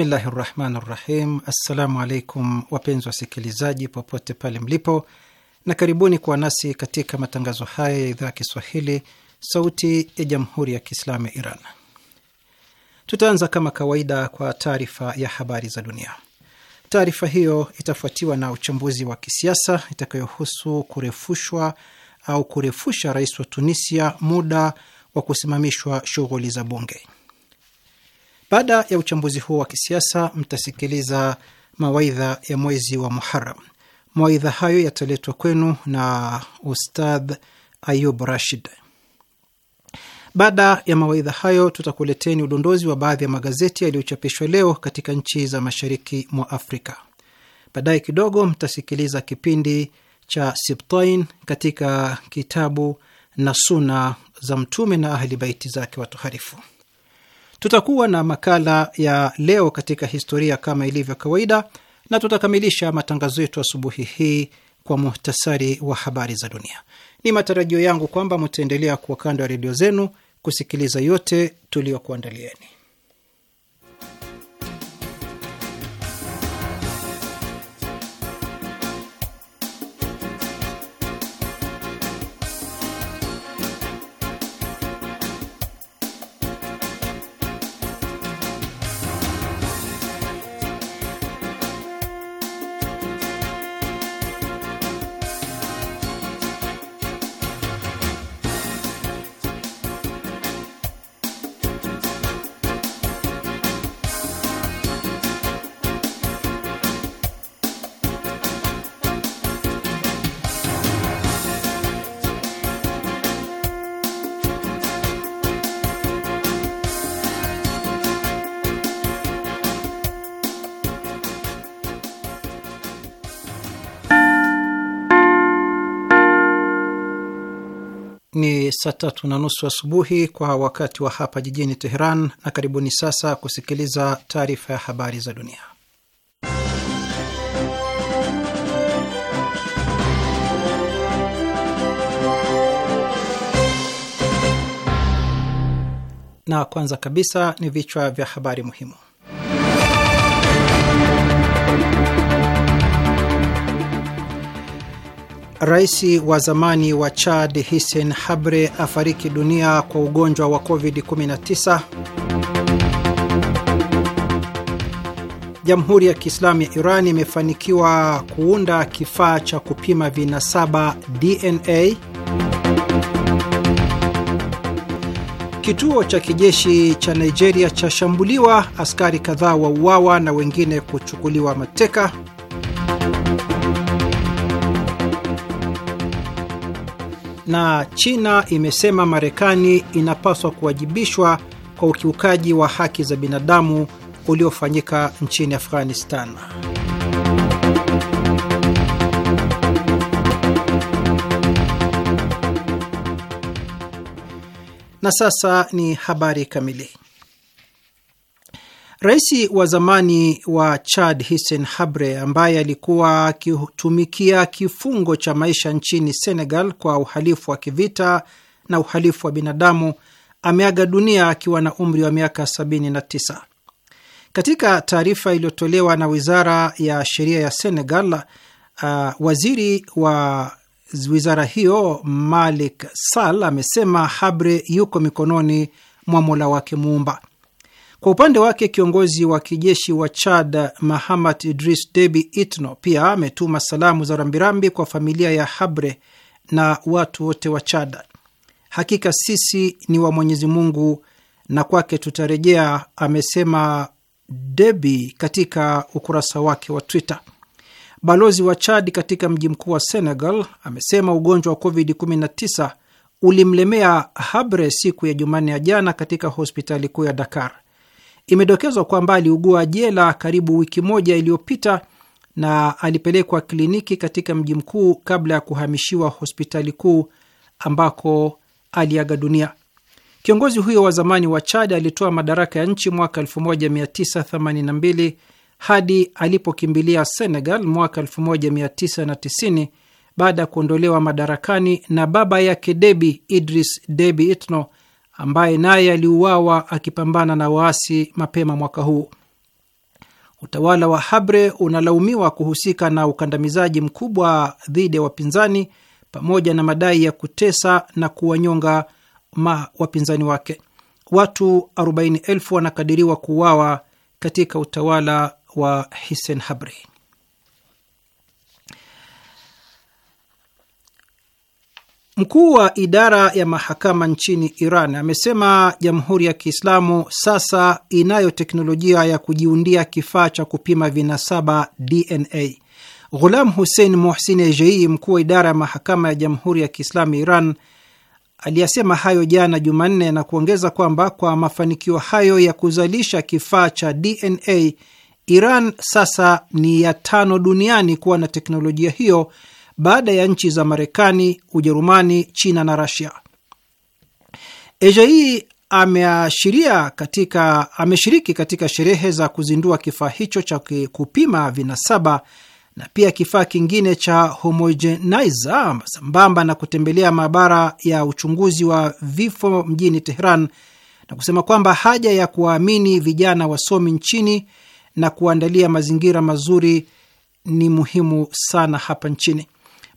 Bismillahi rahmani rahim. Assalamu alaikum wapenzi wasikilizaji popote pale mlipo, na karibuni kuwa nasi katika matangazo haya ya idhaa ya Kiswahili sauti ya jamhuri ya kiislamu ya Iran. Tutaanza kama kawaida kwa taarifa ya habari za dunia. Taarifa hiyo itafuatiwa na uchambuzi wa kisiasa itakayohusu kurefushwa au kurefusha rais wa Tunisia muda wa kusimamishwa shughuli za bunge. Baada ya uchambuzi huo wa kisiasa, mtasikiliza mawaidha ya mwezi wa Muharam. Mawaidha hayo yataletwa kwenu na Ustadh Ayub Rashid. Baada ya mawaidha hayo, tutakuleteni udondozi wa baadhi ya magazeti yaliyochapishwa leo katika nchi za mashariki mwa Afrika. Baadaye kidogo mtasikiliza kipindi cha Sibtain katika kitabu na Suna za Mtume na Ahli Baiti zake watoharifu. Tutakuwa na makala ya leo katika historia kama ilivyo kawaida, na tutakamilisha matangazo yetu asubuhi hii kwa muhtasari wa habari za dunia. Ni matarajio yangu kwamba mtaendelea kuwa kando ya redio zenu kusikiliza yote tuliyokuandalieni. saa tatu na nusu asubuhi wa kwa wakati wa hapa jijini Teheran, na karibuni sasa kusikiliza taarifa ya habari za dunia. Na kwanza kabisa ni vichwa vya habari muhimu. Rais wa zamani wa Chad Hissen Habre afariki dunia kwa ugonjwa wa COVID-19. Jamhuri ya Kiislamu ya Iran imefanikiwa kuunda kifaa cha kupima vinasaba DNA. Kituo cha kijeshi cha Nigeria chashambuliwa, askari kadhaa wa uawa na wengine kuchukuliwa mateka. na China imesema Marekani inapaswa kuwajibishwa kwa ukiukaji wa haki za binadamu uliofanyika nchini Afghanistan. Na sasa ni habari kamili. Rais wa zamani wa Chad Hissen Habre, ambaye alikuwa akitumikia kifungo cha maisha nchini Senegal kwa uhalifu wa kivita na uhalifu wa binadamu, ameaga dunia akiwa na umri wa miaka 79. Katika taarifa iliyotolewa na wizara ya sheria ya Senegal, uh, waziri wa wizara hiyo Malik sal amesema Habre yuko mikononi mwa Mola wake Muumba. Kwa upande wake kiongozi wa kijeshi wa Chad Mahamat Idris Debi Itno pia ametuma salamu za rambirambi kwa familia ya Habre na watu wote wa Chad. Hakika sisi ni wa Mwenyezi Mungu na kwake tutarejea, amesema Debi katika ukurasa wake wa Twitter. Balozi wa Chad katika mji mkuu wa Senegal amesema ugonjwa wa COVID-19 ulimlemea Habre siku ya Jumanne ya jana katika hospitali kuu ya Dakar. Imedokezwa kwamba aliugua jela karibu wiki moja iliyopita na alipelekwa kliniki katika mji mkuu kabla ya kuhamishiwa hospitali kuu ambako aliaga dunia. Kiongozi huyo wa zamani wa Chad alitoa madaraka ya nchi mwaka 1982 hadi alipokimbilia Senegal mwaka 1990 baada ya kuondolewa madarakani na baba yake Debi Idris Debi Itno ambaye naye aliuawa akipambana na waasi mapema mwaka huu. Utawala wa Habre unalaumiwa kuhusika na ukandamizaji mkubwa dhidi ya wapinzani pamoja na madai ya kutesa na kuwanyonga ma wapinzani wake. Watu elfu wanakadiriwa kuuawa katika utawala wa Hissen Habre. Mkuu wa idara ya mahakama nchini Iran amesema Jamhuri ya Kiislamu sasa inayo teknolojia ya kujiundia kifaa cha kupima vinasaba DNA. Ghulam Hussein Mohsin Ejei, mkuu wa idara ya mahakama ya Jamhuri ya Kiislamu Iran, aliyasema hayo jana Jumanne na kuongeza kwamba kwa mafanikio hayo ya kuzalisha kifaa cha DNA, Iran sasa ni ya tano duniani kuwa na teknolojia hiyo baada ya nchi za Marekani, Ujerumani, China na Rasia. Asia hii ameashiria katika, ameshiriki katika sherehe za kuzindua kifaa hicho cha kupima vinasaba na pia kifaa kingine cha homogenizer sambamba na kutembelea maabara ya uchunguzi wa vifo mjini Tehran na kusema kwamba haja ya kuwaamini vijana wasomi nchini na kuandalia mazingira mazuri ni muhimu sana hapa nchini.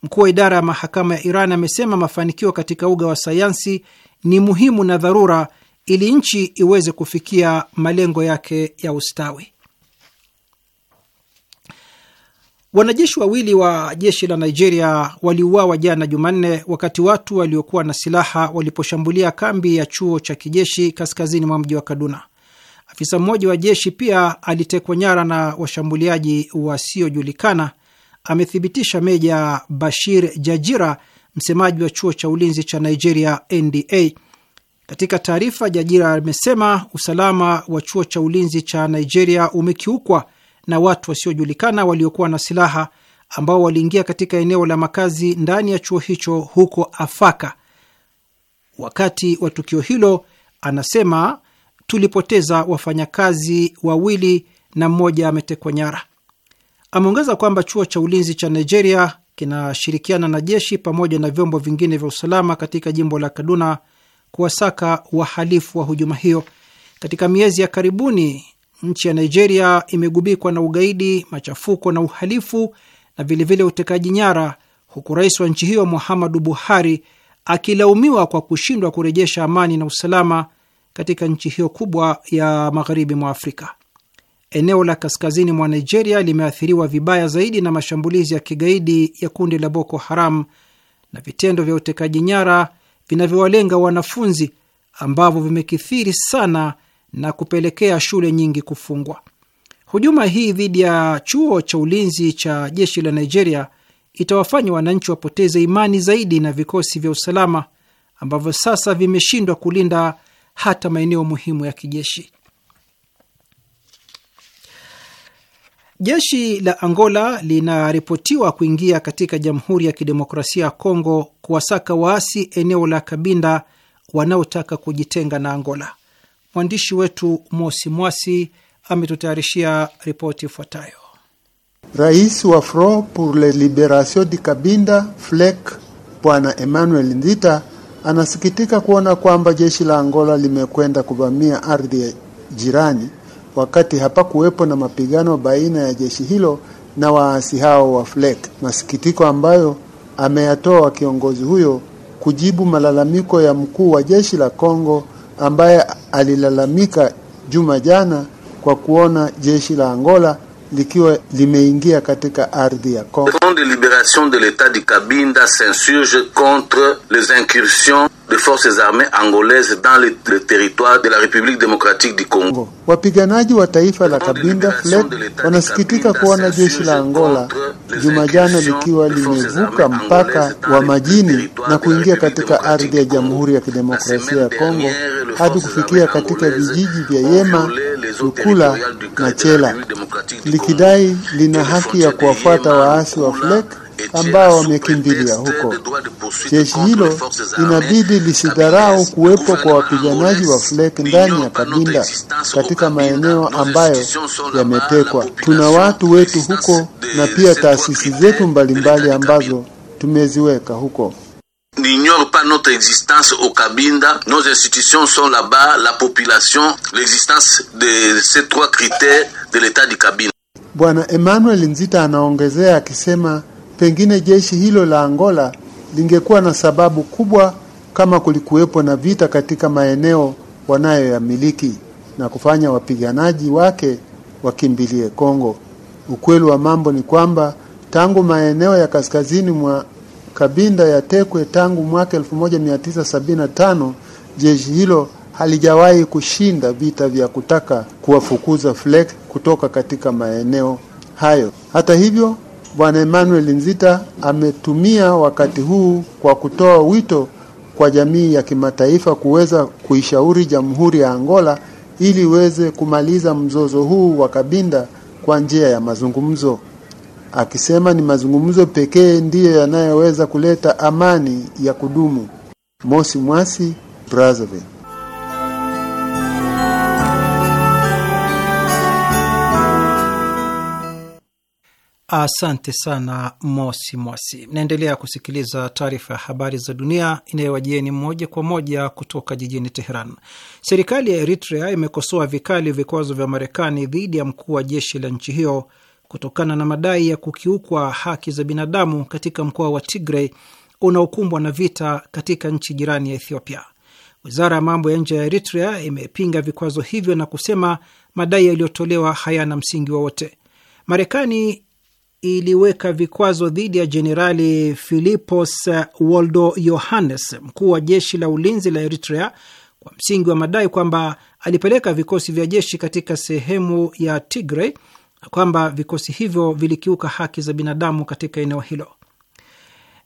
Mkuu wa idara ya mahakama ya Iran amesema mafanikio katika uga wa sayansi ni muhimu na dharura ili nchi iweze kufikia malengo yake ya ustawi. Wanajeshi wawili wa jeshi la Nigeria waliuawa jana Jumanne wakati watu waliokuwa na silaha waliposhambulia kambi ya chuo cha kijeshi kaskazini mwa mji wa Kaduna. Afisa mmoja wa jeshi pia alitekwa nyara na washambuliaji wasiojulikana amethibitisha Meja Bashir Jajira, msemaji wa chuo cha ulinzi cha Nigeria, NDA. Katika taarifa, Jajira amesema usalama wa chuo cha ulinzi cha Nigeria umekiukwa na watu wasiojulikana waliokuwa na silaha ambao waliingia katika eneo la makazi ndani ya chuo hicho huko Afaka. Wakati wa tukio hilo, anasema tulipoteza wafanyakazi wawili na mmoja ametekwa nyara. Ameongeza kwamba chuo cha ulinzi cha Nigeria kinashirikiana na jeshi pamoja na vyombo vingine vya usalama katika jimbo la Kaduna kuwasaka wahalifu wa hujuma hiyo. Katika miezi ya karibuni, nchi ya Nigeria imegubikwa na ugaidi, machafuko na uhalifu na vilevile utekaji nyara, huku rais wa nchi hiyo Muhammadu Buhari akilaumiwa kwa kushindwa kurejesha amani na usalama katika nchi hiyo kubwa ya magharibi mwa Afrika. Eneo la kaskazini mwa Nigeria limeathiriwa vibaya zaidi na mashambulizi ya kigaidi ya kundi la Boko Haram na vitendo vya utekaji nyara vinavyowalenga wanafunzi ambavyo vimekithiri sana na kupelekea shule nyingi kufungwa. Hujuma hii dhidi ya chuo cha ulinzi cha jeshi la Nigeria itawafanya wananchi wapoteze imani zaidi na vikosi vya usalama ambavyo sasa vimeshindwa kulinda hata maeneo muhimu ya kijeshi. Jeshi la Angola linaripotiwa kuingia katika Jamhuri ya Kidemokrasia ya Kongo kuwasaka waasi eneo la Kabinda wanaotaka kujitenga na Angola. Mwandishi wetu Mosi Mwasi ametutayarishia ripoti ifuatayo. Rais wa Front pour la Liberation de Kabinda FLEC Bwana Emmanuel Ndita anasikitika kuona kwamba jeshi la Angola limekwenda kuvamia ardhi ya jirani wakati hapakuwepo na mapigano baina ya jeshi hilo na waasi hao wa FLEC. Masikitiko ambayo ameyatoa kiongozi huyo kujibu malalamiko ya mkuu wa jeshi la Kongo ambaye alilalamika juma jana kwa kuona jeshi la Angola likiwa limeingia katika ardhi ya Kongo. Front de Liberation de l'Etat du kabinda s'insurge contre les incursions des forces armées angolaises dans le, le territoire de la République démocratique du Congo. Wapiganaji wa taifa la Kabinda FLET wanasikitika kuona jeshi la Angola jumajana likiwa limevuka mpaka wa majini na kuingia katika ardhi ya Jamhuri ya Kidemokrasia ya Kongo hadi kufikia katika vijiji vya Yema Lukula na Chela likidai lina haki ya kuwafuata waasi wa FLEC ambao wamekimbilia huko. Jeshi hilo inabidi lisidharau kuwepo kwa wapiganaji wa FLEC ndani ya Kabinda katika maeneo ambayo yametekwa. Tuna watu wetu huko na pia taasisi zetu mbalimbali ambazo tumeziweka huko n'ignore pas notre existence au Kabinda. Nos institutions sont là-bas, la population, l'existence de ces trois critères de l'état du Kabinda. Bwana Emmanuel Nzita anaongezea akisema pengine jeshi hilo la Angola lingekuwa na sababu kubwa kama kulikuwepo na vita katika maeneo wanayoyamiliki na kufanya wapiganaji wake wakimbilie Kongo. Ukweli wa mambo ni kwamba tangu maeneo ya kaskazini mwa Kabinda ya Tekwe tangu mwaka 1975 jeshi hilo halijawahi kushinda vita vya kutaka kuwafukuza FLEC kutoka katika maeneo hayo. Hata hivyo, Bwana Emmanuel Nzita ametumia wakati huu kwa kutoa wito kwa jamii ya kimataifa kuweza kuishauri jamhuri ya Angola ili iweze kumaliza mzozo huu wa Kabinda kwa njia ya mazungumzo akisema ni mazungumzo pekee ndiyo yanayoweza kuleta amani ya kudumu. Mosi Mwasi, Brazzaville. Asante sana Mosi Mwasi. Mnaendelea kusikiliza taarifa ya habari za dunia inayowajieni moja kwa moja kutoka jijini Teheran. Serikali ya Eritrea imekosoa vikali vikwazo vya Marekani dhidi ya mkuu wa jeshi la nchi hiyo kutokana na madai ya kukiukwa haki za binadamu katika mkoa wa Tigray unaokumbwa na vita katika nchi jirani ya Ethiopia. Wizara ya mambo ya nje ya Eritrea imepinga vikwazo hivyo na kusema madai yaliyotolewa hayana msingi wowote. Marekani iliweka vikwazo dhidi ya Jenerali philipos Woldo Yohannes, mkuu wa jeshi la ulinzi la Eritrea, kwa msingi wa madai kwamba alipeleka vikosi vya jeshi katika sehemu ya Tigray kwamba vikosi hivyo vilikiuka haki za binadamu katika eneo hilo.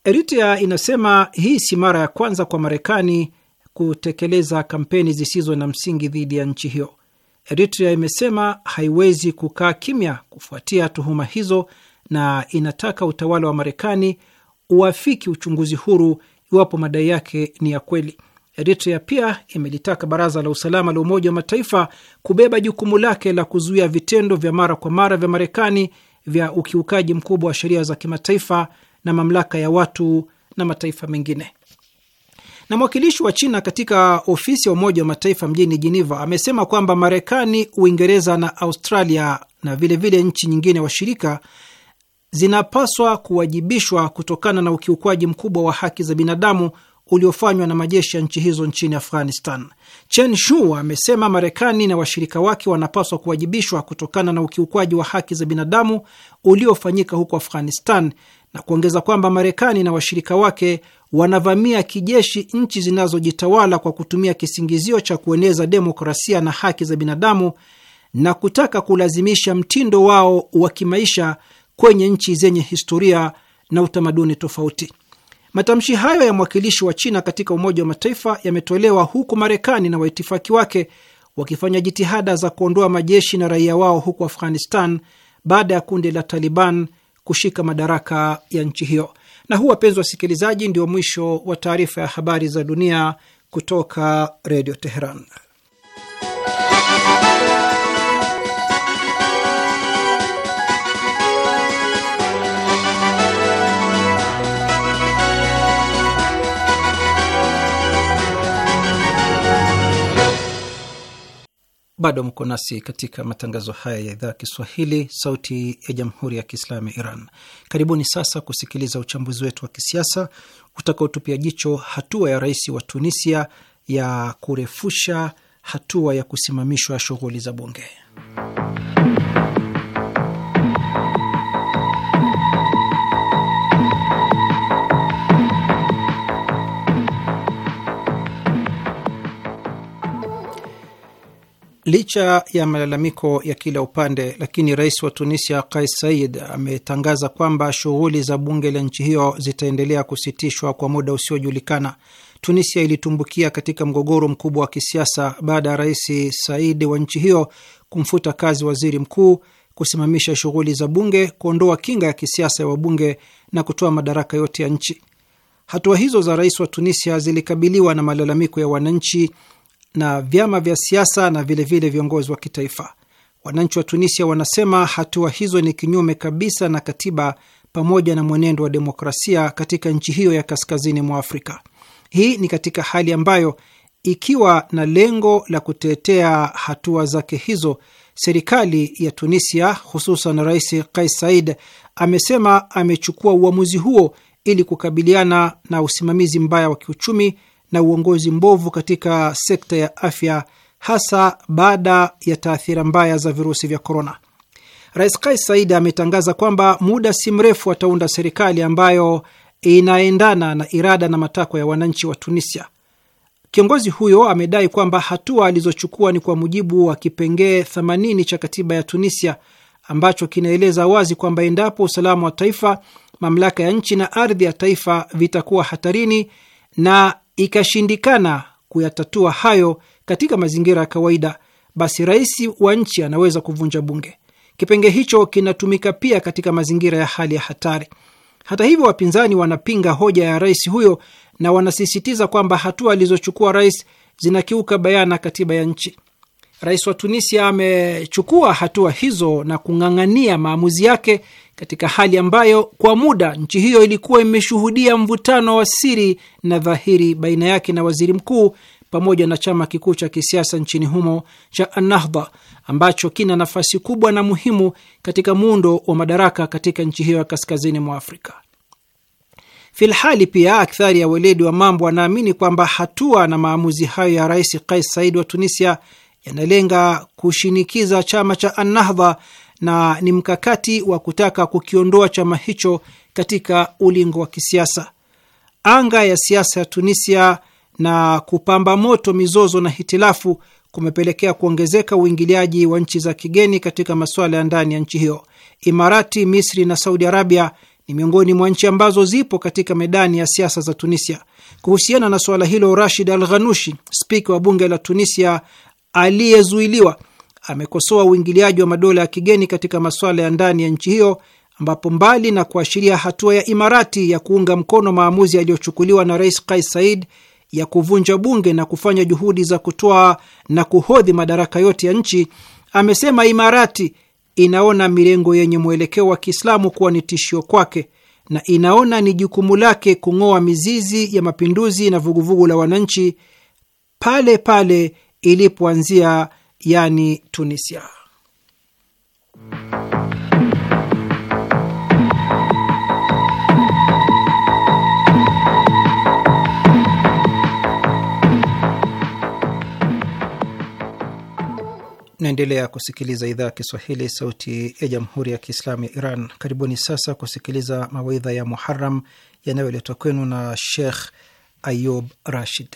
Eritrea inasema hii si mara ya kwanza kwa Marekani kutekeleza kampeni zisizo na msingi dhidi ya nchi hiyo. Eritrea imesema haiwezi kukaa kimya kufuatia tuhuma hizo na inataka utawala wa Marekani uafiki uchunguzi huru iwapo madai yake ni ya kweli. Eritrea pia imelitaka Baraza la Usalama la Umoja wa Mataifa kubeba jukumu lake la kuzuia vitendo vya mara kwa mara vya Marekani vya ukiukaji mkubwa wa sheria za kimataifa na mamlaka ya watu na mataifa mengine. Na mwakilishi wa China katika ofisi ya Umoja wa Mataifa mjini Geneva amesema kwamba Marekani, Uingereza na Australia na vilevile vile nchi nyingine washirika zinapaswa kuwajibishwa kutokana na ukiukwaji mkubwa wa haki za binadamu uliofanywa na majeshi ya nchi hizo nchini Afghanistan. Chen Shu amesema Marekani na washirika wake wanapaswa kuwajibishwa kutokana na ukiukwaji wa haki za binadamu uliofanyika huko Afghanistan na kuongeza kwamba Marekani na washirika wake wanavamia kijeshi nchi zinazojitawala kwa kutumia kisingizio cha kueneza demokrasia na haki za binadamu na kutaka kulazimisha mtindo wao wa kimaisha kwenye nchi zenye historia na utamaduni tofauti. Matamshi hayo ya mwakilishi wa China katika Umoja wa Mataifa yametolewa huku Marekani na waitifaki wake wakifanya jitihada za kuondoa majeshi na raia wao huko Afghanistan baada ya kundi la Taliban kushika madaraka ya nchi hiyo. Na huu, wapenzi wasikilizaji, ndio mwisho wa taarifa ya habari za dunia kutoka Redio Teheran. Bado mko nasi katika matangazo haya ya idhaa ya Kiswahili, sauti ya jamhuri ya kiislamu ya Iran. Karibuni sasa kusikiliza uchambuzi wetu wa kisiasa utakaotupia jicho hatua ya rais wa Tunisia ya kurefusha hatua ya kusimamishwa shughuli za bunge. Licha ya malalamiko ya kila upande, lakini rais wa Tunisia Kais Said ametangaza kwamba shughuli za bunge la nchi hiyo zitaendelea kusitishwa kwa muda usiojulikana. Tunisia ilitumbukia katika mgogoro mkubwa wa kisiasa baada ya rais Said wa nchi hiyo kumfuta kazi waziri mkuu, kusimamisha shughuli za bunge, kuondoa kinga ya kisiasa ya wabunge na kutoa madaraka yote ya nchi. Hatua hizo za rais wa Tunisia zilikabiliwa na malalamiko ya wananchi na vyama vya siasa na vilevile viongozi wa kitaifa. Wananchi wa Tunisia wanasema hatua hizo ni kinyume kabisa na katiba pamoja na mwenendo wa demokrasia katika nchi hiyo ya kaskazini mwa Afrika. Hii ni katika hali ambayo ikiwa na lengo la kutetea hatua zake hizo, serikali ya Tunisia hususan Rais Kais Saied amesema amechukua uamuzi huo ili kukabiliana na usimamizi mbaya wa kiuchumi na uongozi mbovu katika sekta ya afya, hasa baada ya taathira mbaya za virusi vya korona. Rais Kais Saidi ametangaza kwamba muda si mrefu ataunda serikali ambayo inaendana na irada na matakwa ya wananchi wa Tunisia. Kiongozi huyo amedai kwamba hatua alizochukua ni kwa mujibu wa kipengee 80 cha katiba ya Tunisia ambacho kinaeleza wazi kwamba endapo usalama wa taifa, mamlaka ya nchi na ardhi ya taifa vitakuwa hatarini na ikashindikana kuyatatua hayo katika mazingira ya kawaida, basi rais wa nchi anaweza kuvunja bunge. Kipenge hicho kinatumika pia katika mazingira ya hali ya hatari. Hata hivyo, wapinzani wanapinga hoja ya rais huyo na wanasisitiza kwamba hatua alizochukua rais zinakiuka bayana katiba ya nchi. Rais wa Tunisia amechukua hatua hizo na kung'ang'ania maamuzi yake katika hali ambayo kwa muda nchi hiyo ilikuwa imeshuhudia mvutano wa siri na dhahiri baina yake na waziri mkuu pamoja na chama kikuu cha kisiasa nchini humo cha Ennahda ambacho kina nafasi kubwa na muhimu katika muundo wa madaraka katika nchi hiyo ya kaskazini mwa Afrika. Filhali pia akthari ya weledi wa mambo wanaamini kwamba hatua na maamuzi hayo ya Rais Kais Said wa Tunisia yanalenga kushinikiza chama cha Ennahda na ni mkakati wa kutaka kukiondoa chama hicho katika ulingo wa kisiasa, anga ya siasa ya Tunisia na kupamba moto mizozo na hitilafu kumepelekea kuongezeka uingiliaji wa nchi za kigeni katika masuala ya ndani ya nchi hiyo. Imarati, Misri na Saudi Arabia ni miongoni mwa nchi ambazo zipo katika medani ya siasa za Tunisia. Kuhusiana na suala hilo, Rashid Al Ghanushi, spika wa bunge la Tunisia aliyezuiliwa amekosoa uingiliaji wa madola ya kigeni katika masuala ya ndani ya nchi hiyo ambapo mbali na kuashiria hatua ya Imarati ya kuunga mkono maamuzi yaliyochukuliwa na Rais Kais Said ya kuvunja bunge na kufanya juhudi za kutoa na kuhodhi madaraka yote ya nchi, amesema Imarati inaona mirengo yenye mwelekeo wa Kiislamu kuwa ni tishio kwake na inaona ni jukumu lake kung'oa mizizi ya mapinduzi na vuguvugu la wananchi pale pale ilipoanzia yani Tunisia. Naendelea kusikiliza idhaa ya Kiswahili, sauti ya jamhuri ya kiislamu ya Iran. Karibuni sasa kusikiliza mawaidha ya Muharam yanayoletwa kwenu na Shekh Ayub Rashid.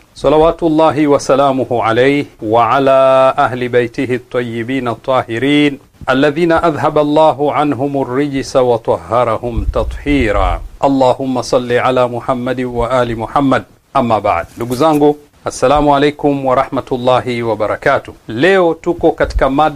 صلوات الله وسلامه عليه وعلى أهل بيته الطيبين الطاهرين الذين أذهب الله عنهم الرجس وطهرهم تطهيرا اللهم صل على محمد وآل محمد أما بعد لبزانgo Assalamu alaikum warahmatullahi wabarakatuh. Leo tuko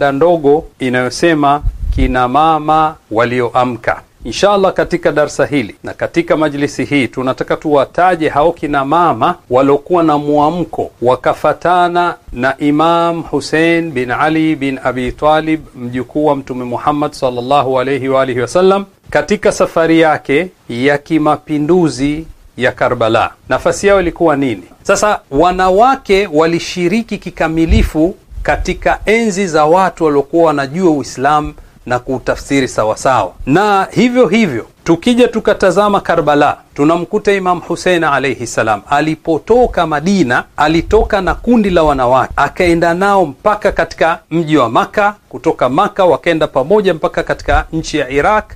نوغو إنا يسيما inayosema ماما وليو أمكا allah katika darsa hili na katika majlisi hii tunataka tuwataje hao kina mama waliokuwa na mwamko wakafatana na Imam husein bin Ali bin Abi Talib, mjukuu wa Mtume Muhammad sallallahu alayhi wa alihi wasallam, katika safari yake ya kimapinduzi ya Karbala. Nafasi yao ilikuwa nini? Sasa wanawake walishiriki kikamilifu katika enzi za watu waliokuwa wanajua Uislamu na kuutafsiri sawasawa. Na hivyo hivyo tukija tukatazama Karbala, tunamkuta Imam Husein alaihi ssalam alipotoka Madina, alitoka na kundi la wanawake akaenda nao mpaka katika mji wa Maka. Kutoka Maka wakaenda pamoja mpaka katika nchi ya Iraq.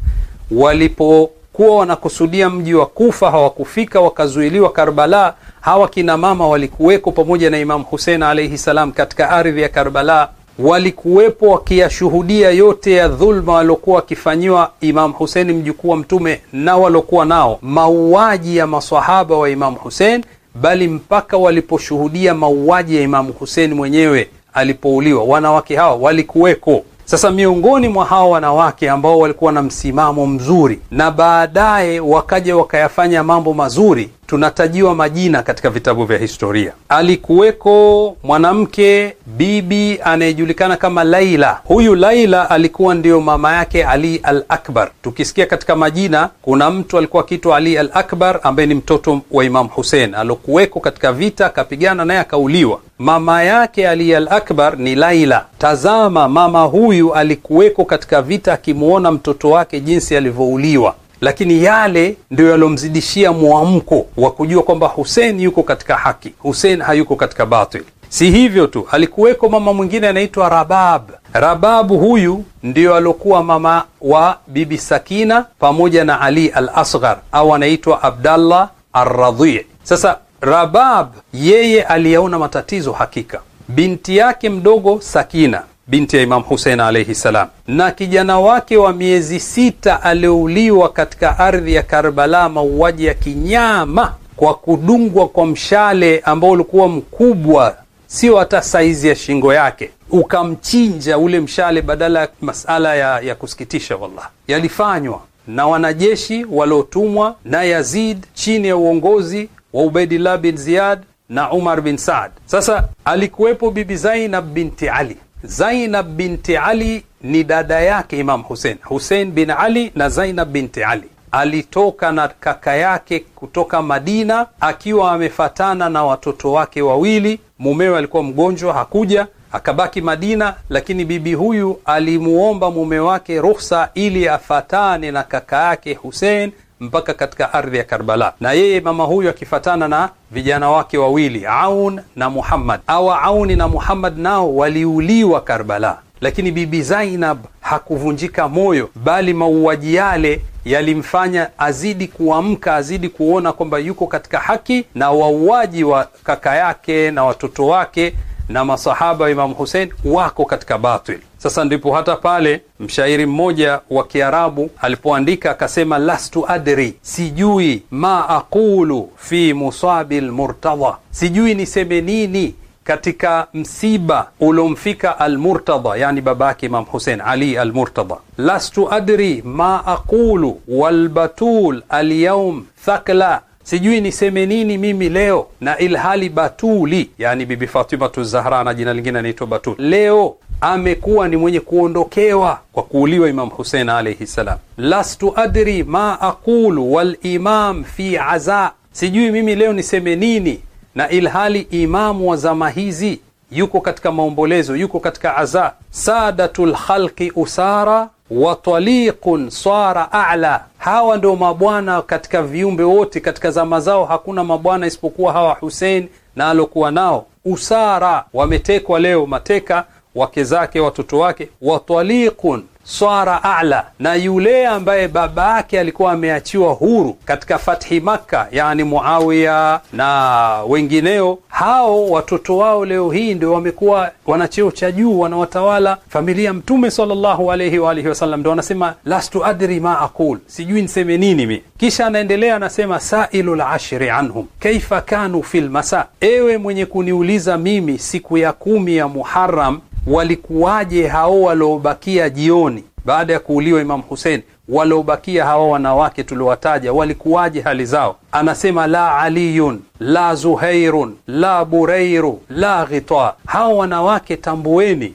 Walipokuwa wanakusudia mji wa Kufa hawakufika, wakazuiliwa Karbala. Hawa kinamama walikuweko pamoja na Imam Husein alaihi salam katika ardhi ya Karbala walikuwepo wakiyashuhudia yote ya dhulma waliokuwa wakifanyiwa Imamu huseni mjukuu wa Mtume na waliokuwa nao mauaji ya masahaba wa Imamu Husein, bali mpaka waliposhuhudia mauaji ya Imamu Huseni mwenyewe alipouliwa, wanawake hawa walikuweko. Sasa miongoni mwa hawa wanawake ambao walikuwa na msimamo mzuri na baadaye wakaja wakayafanya mambo mazuri tunatajiwa majina katika vitabu vya historia. Alikuweko mwanamke bibi anayejulikana kama Laila. Huyu Laila alikuwa ndiyo mama yake Ali al Akbar. Tukisikia katika majina, kuna mtu alikuwa akiitwa Ali al Akbar ambaye ni mtoto wa Imam husen alokuweko katika vita, akapigana naye akauliwa. Mama yake Ali al Akbar ni Laila. Tazama, mama huyu alikuweko katika vita, akimwona mtoto wake jinsi alivyouliwa lakini yale ndio yalomzidishia mwamko wa kujua kwamba Hussein yuko katika haki, Hussein hayuko katika batil. Si hivyo tu, alikuweko mama mwingine anaitwa Rabab. Rabab huyu ndiyo alokuwa mama wa Bibi Sakina pamoja na Ali al Asghar, au anaitwa Abdallah Arradhi. Sasa Rabab yeye aliyaona matatizo hakika, binti yake mdogo Sakina binti ya Imam Husein alaihi salam, na kijana wake wa miezi sita aliouliwa katika ardhi ya Karbala, mauaji ya kinyama kwa kudungwa kwa mshale ambao ulikuwa mkubwa, sio hata saizi ya shingo yake, ukamchinja ule mshale. Badala ya masala ya, ya kusikitisha, wallah, yalifanywa na wanajeshi waliotumwa na Yazid chini ya uongozi wa Ubaidillah bin Ziyad na Umar bin Saad. Sasa alikuwepo Bibi Zainab binti Ali Zainab binti Ali ni dada yake Imam Hussein, Hussein bin Ali na Zainab binti Ali alitoka na kaka yake kutoka Madina akiwa amefatana na watoto wake wawili. Mumewe alikuwa mgonjwa, hakuja akabaki Madina, lakini bibi huyu alimuomba mume wake ruhusa ili afatane na kaka yake Hussein mpaka katika ardhi ya Karbala, na yeye mama huyu akifatana na vijana wake wawili Aun na Muhammad. Awa Auni na Muhammad nao waliuliwa Karbala, lakini Bibi Zainab hakuvunjika moyo, bali mauaji yale yalimfanya azidi kuamka, azidi kuona kwamba yuko katika haki, na wauaji wa kaka yake na watoto wake na masahaba wa Imamu Husein wako katika batil. Sasa ndipo hata pale mshairi mmoja wa Kiarabu alipoandika akasema, lastu adri, sijui ma aqulu fi musabi lmurtada sijui niseme nini katika msiba ulomfika almurtada yani babake Imam Husein Ali almurtada lastu adri ma aqulu walbatul alyaum thakla sijui niseme nini mimi leo, na ilhali Batuli, yani Bibi Fatimatu Zahra na jina lingine anaitwa Batul, leo amekuwa ni mwenye kuondokewa kwa kuuliwa Imam Husein alaihi ssalam. Lastu adri ma aqulu walimam fi aza, sijui mimi leo niseme nini, na ilhali imamu wa zama hizi yuko katika maombolezo, yuko katika aza. Sadatu lkhalqi usara wa taliqun sara a'la. Hawa ndio mabwana katika viumbe wote, katika zama zao hakuna mabwana isipokuwa hawa Hussein na alokuwa nao. Usara wametekwa leo mateka, wake zake, watoto wake. Wa taliqun swara a'la, na yule ambaye baba yake alikuwa ameachiwa huru katika fathi Makka, yani Muawiya na wengineo, hao watoto wao leo hii ndio wamekuwa wana cheo cha juu, wanawatawala familia Mtume sallallahu alayhi wa alihi wasallam, wanasema lastu adri ma aqul, sijui niseme nini mi. Kisha anaendelea anasema, sailu lashri anhum kaifa kanu fi lmasa, ewe mwenye kuniuliza mimi siku ya kumi ya muharam walikuwaje hao waliobakia jioni baada ya kuuliwa Imam Hussein, waliobakia hawa wanawake tuliowataja walikuwaje hali zao? Anasema la aliyun la zuhairun la bureiru la ghita. Hawa wanawake tambueni,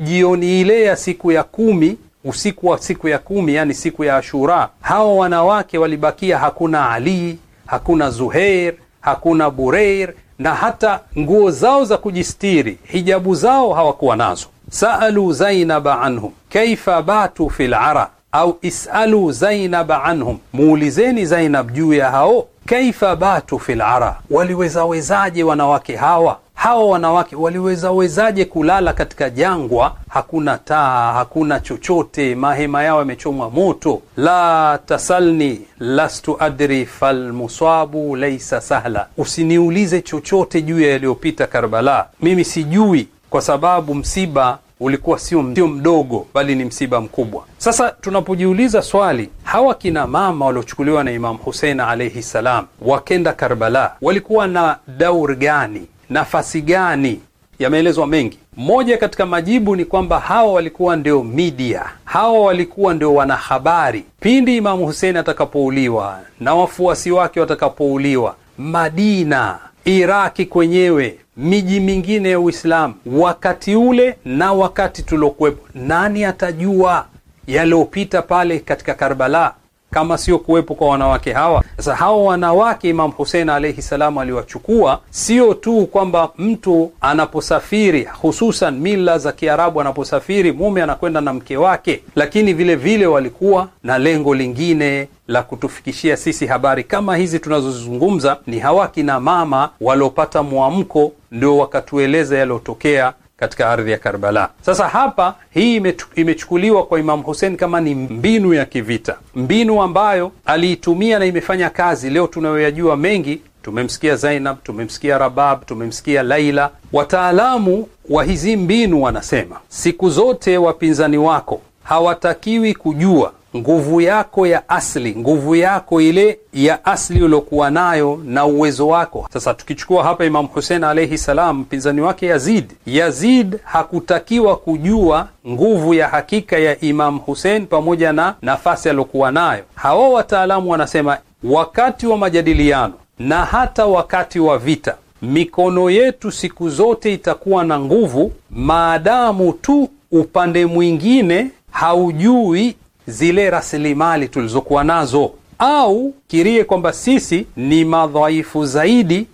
jioni ile ya siku ya kumi usiku wa siku ya kumi, yani siku ya Ashura, hawa wanawake walibakia. Hakuna Ali, hakuna Zuhair, hakuna Bureir, na hata nguo zao za kujistiri hijabu zao hawakuwa nazo saalu zainaba anhum kaifa batu fi lara au isalu zainaba anhum, muulizeni Zainab juu ya hao. Kaifa batu fi lara, waliwezawezaje wanawake hawa hawa wanawake waliwezawezaje kulala katika jangwa, hakuna taa, hakuna chochote, mahema yao yamechomwa moto. La tasalni lastu adri falmusabu laisa sahla, usiniulize chochote juu ya yaliyopita Karbala, mimi sijui kwa sababu msiba ulikuwa sio mdogo, bali ni msiba mkubwa. Sasa tunapojiuliza swali, hawa kina mama waliochukuliwa na Imamu Husein alaihi ssalam wakenda Karbala walikuwa na dauri gani, nafasi gani? Yameelezwa mengi. Moja katika majibu ni kwamba hawa walikuwa ndio media, hawa walikuwa ndio wanahabari. Pindi Imamu Husein atakapouliwa na wafuasi wake watakapouliwa Madina, Iraki kwenyewe miji mingine ya Uislamu wakati ule na wakati tuliokuwepo. Nani atajua yaliyopita pale katika Karbala? kama sio kuwepo kwa wanawake hawa. Sasa hawa wanawake Imam Husein alaihi salam aliwachukua, sio tu kwamba mtu anaposafiri, hususan mila za Kiarabu, anaposafiri mume anakwenda na mke wake, lakini vile vile walikuwa na lengo lingine la kutufikishia sisi habari kama hizi tunazozizungumza. Ni hawa kina mama waliopata mwamko, ndio wakatueleza yaliyotokea katika ardhi ya Karbala. Sasa hapa hii imechukuliwa kwa Imam Hussein kama ni mbinu ya kivita, mbinu ambayo aliitumia na imefanya kazi. Leo tunayoyajua mengi, tumemsikia Zainab, tumemsikia Rabab, tumemsikia Laila. Wataalamu wa hizi mbinu wanasema siku zote wapinzani wako hawatakiwi kujua nguvu yako ya asli, nguvu yako ile ya asli uliokuwa nayo na uwezo wako. Sasa tukichukua hapa Imamu Husein alaihi salam, mpinzani wake Yazid. Yazid hakutakiwa kujua nguvu ya hakika ya Imamu Husein pamoja na nafasi aliyokuwa nayo. Hawa wataalamu wanasema wakati wa majadiliano na hata wakati wa vita, mikono yetu siku zote itakuwa na nguvu maadamu tu upande mwingine haujui zile rasilimali tulizokuwa nazo, au kirie kwamba sisi ni madhaifu zaidi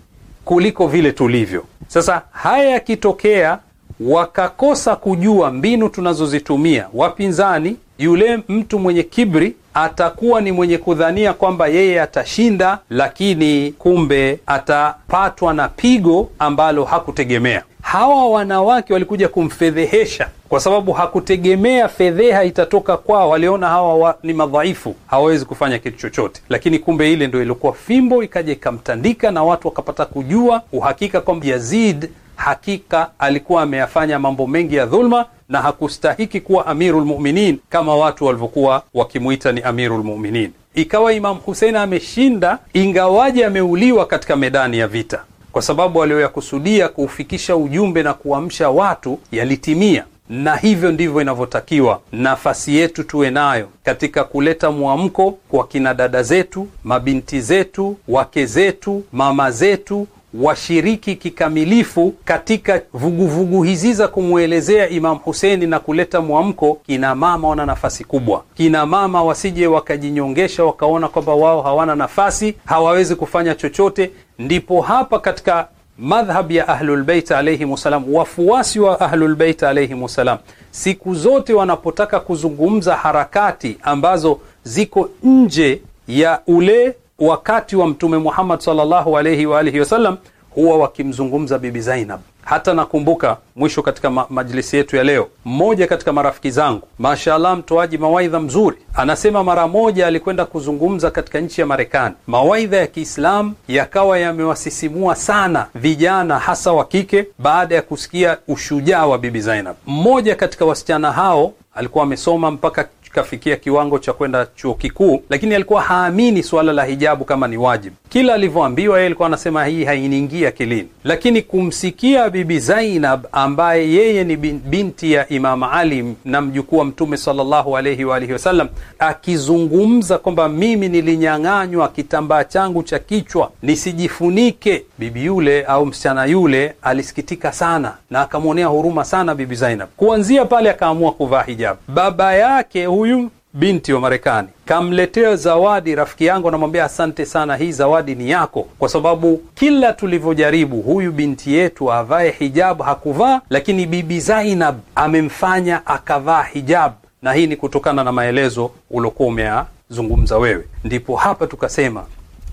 kuliko vile tulivyo. Sasa haya yakitokea, wakakosa kujua mbinu tunazozitumia wapinzani, yule mtu mwenye kibri atakuwa ni mwenye kudhania kwamba yeye atashinda, lakini kumbe atapatwa na pigo ambalo hakutegemea. Hawa wanawake walikuja kumfedhehesha kwa sababu hakutegemea fedheha itatoka kwao. Waliona hawa wa, ni madhaifu, hawawezi kufanya kitu chochote, lakini kumbe ile ndo ilikuwa fimbo, ikaja ikamtandika, na watu wakapata kujua uhakika kwamba Yazid hakika alikuwa ameyafanya mambo mengi ya dhulma na hakustahiki kuwa amirulmuminin kama watu walivyokuwa wakimwita ni amirulmuminin Ikawa Imam Husein ameshinda, ingawaje ameuliwa katika medani ya vita, kwa sababu aliyoyakusudia kuufikisha ujumbe na kuamsha watu yalitimia na hivyo ndivyo inavyotakiwa. Nafasi yetu tuwe nayo katika kuleta mwamko kwa kina dada zetu, mabinti zetu, wake zetu, mama zetu washiriki kikamilifu katika vuguvugu hizi za kumwelezea Imam Huseni na kuleta mwamko. Kina mama wana nafasi kubwa. Kina mama wasije wakajinyongesha, wakaona kwamba wao hawana nafasi, hawawezi kufanya chochote. Ndipo hapa katika madhhab ya Ahlulbeit alaihim wassalam, wafuasi wa Ahlulbeit alaihim wassalam, siku zote wanapotaka kuzungumza harakati ambazo ziko nje ya ule wakati wa Mtume Muhammad sallallahu alaihi wa alihi wasallam, huwa wakimzungumza Bibi Zainab. Hata nakumbuka mwisho katika ma majlisi yetu ya leo, mmoja katika marafiki zangu, mashallah, mtoaji mawaidha mzuri, anasema mara moja alikwenda kuzungumza katika nchi ya Marekani. Mawaidha ya Kiislamu yakawa yamewasisimua sana vijana, hasa wa kike, baada ya kusikia ushujaa wa Bibi Zainab. Mmoja katika wasichana hao alikuwa amesoma mpaka kafikia kiwango cha kwenda chuo kikuu, lakini alikuwa haamini suala la hijabu kama ni wajibu. Kila alivyoambiwa yeye alikuwa anasema hii hainiingia akilini, lakini kumsikia Bibi Zainab ambaye yeye ni binti ya Imam Ali na mjukuu wa Mtume sallallahu alayhi wa alihi wasallam akizungumza kwamba mimi nilinyang'anywa kitambaa changu cha kichwa nisijifunike, bibi yule au msichana yule alisikitika sana na akamwonea huruma sana Bibi Zainab. Kuanzia pale akaamua kuvaa hijabu. Baba yake huyu huyu binti wa Marekani kamletea zawadi rafiki yangu, anamwambia asante sana, hii zawadi ni yako, kwa sababu kila tulivyojaribu huyu binti yetu avae hijabu hakuvaa, lakini Bibi Zainab amemfanya akavaa hijabu, na hii ni kutokana na maelezo uliokuwa umeyazungumza wewe. Ndipo hapa tukasema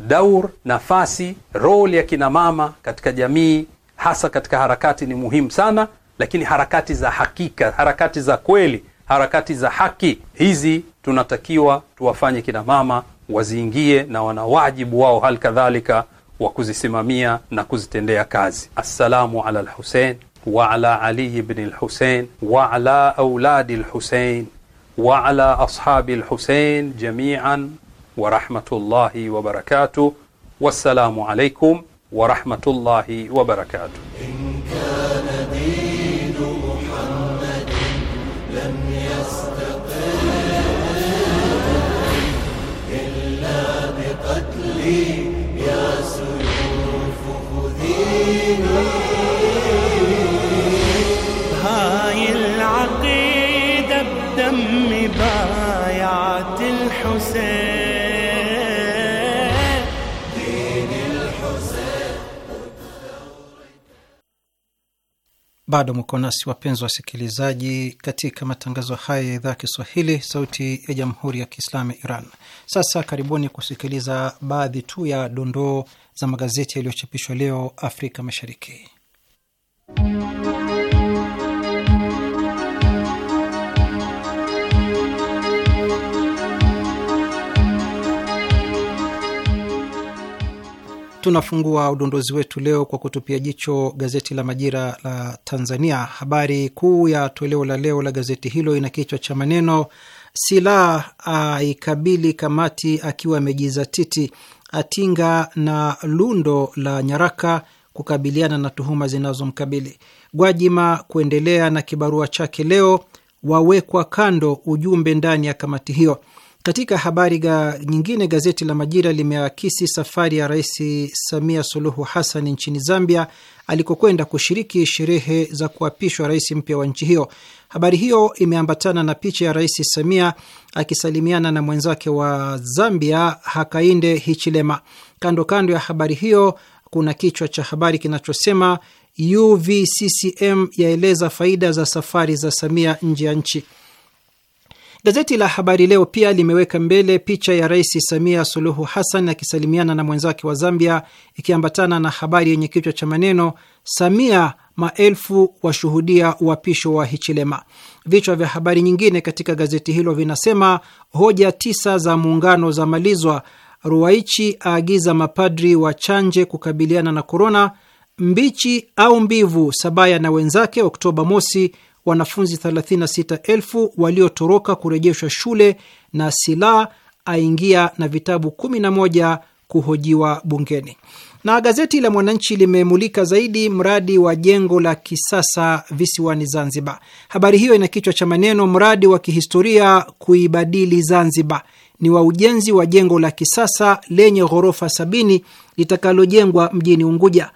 daur, nafasi, role ya kinamama katika jamii, hasa katika harakati ni muhimu sana, lakini harakati za hakika, harakati za kweli harakati za haki hizi tunatakiwa tuwafanye kina mama waziingie, na wana wajibu wao hali kadhalika wa kuzisimamia na kuzitendea kazi. Assalamu ala lhusein wa ala bni lhusein wa ala auladi lhusein wa ala ashabi lhusein jamian wa rahmatullahi Wassalamu alaikum wa rahmatullahi دم بايعة الحسين دين الحسين bado mko nasi wapenzi wasikilizaji, katika matangazo haya ya idhaa Kiswahili, sauti ya jamhuri ya kiislamu ya Iran. Sasa karibuni kusikiliza baadhi tu ya dondoo za magazeti yaliyochapishwa leo Afrika Mashariki. Tunafungua udondozi wetu leo kwa kutupia jicho gazeti la Majira la Tanzania. Habari kuu ya toleo la leo la gazeti hilo ina kichwa cha maneno silaha aikabili kamati akiwa amejizatiti, atinga na lundo la nyaraka kukabiliana na tuhuma zinazomkabili. Gwajima kuendelea na kibarua chake leo, wawekwa kando, ujumbe ndani ya kamati hiyo. Katika habari ga nyingine, gazeti la Majira limeakisi safari ya Rais Samia Suluhu Hassan nchini Zambia alikokwenda kushiriki sherehe za kuapishwa rais mpya wa nchi hiyo. Habari hiyo imeambatana na picha ya Rais Samia akisalimiana na mwenzake wa Zambia Hakainde Hichilema. Kando kando ya habari hiyo kuna kichwa cha habari kinachosema UVCCM yaeleza faida za safari za Samia nje ya nchi. Gazeti la Habari Leo pia limeweka mbele picha ya Rais Samia Suluhu Hassan akisalimiana na mwenzake wa Zambia, ikiambatana na habari yenye kichwa cha maneno Samia, maelfu washuhudia uapisho wa Hichilema. Vichwa vya habari nyingine katika gazeti hilo vinasema hoja tisa za muungano za malizwa, Ruwaichi aagiza mapadri wa chanje kukabiliana na korona, mbichi au mbivu, Sabaya na wenzake Oktoba mosi wanafunzi 36,000 waliotoroka kurejeshwa shule na silaha aingia na vitabu 11 kuhojiwa bungeni. Na gazeti la Mwananchi limemulika zaidi mradi wa jengo la kisasa visiwani Zanzibar. Habari hiyo ina kichwa cha maneno, mradi wa kihistoria kuibadili Zanzibar ni wa ujenzi wa jengo la kisasa lenye ghorofa sabini litakalojengwa mjini Unguja,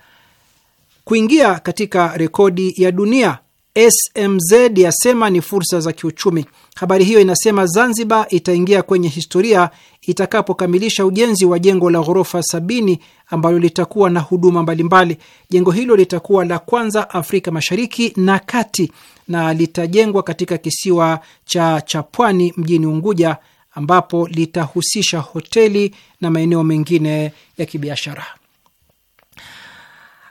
kuingia katika rekodi ya dunia SMZ yasema ni fursa za kiuchumi. Habari hiyo inasema Zanzibar itaingia kwenye historia itakapokamilisha ujenzi wa jengo la ghorofa sabini ambalo litakuwa na huduma mbalimbali. Jengo hilo litakuwa la kwanza Afrika Mashariki na Kati na litajengwa katika kisiwa cha Chapwani mjini Unguja ambapo litahusisha hoteli na maeneo mengine ya kibiashara.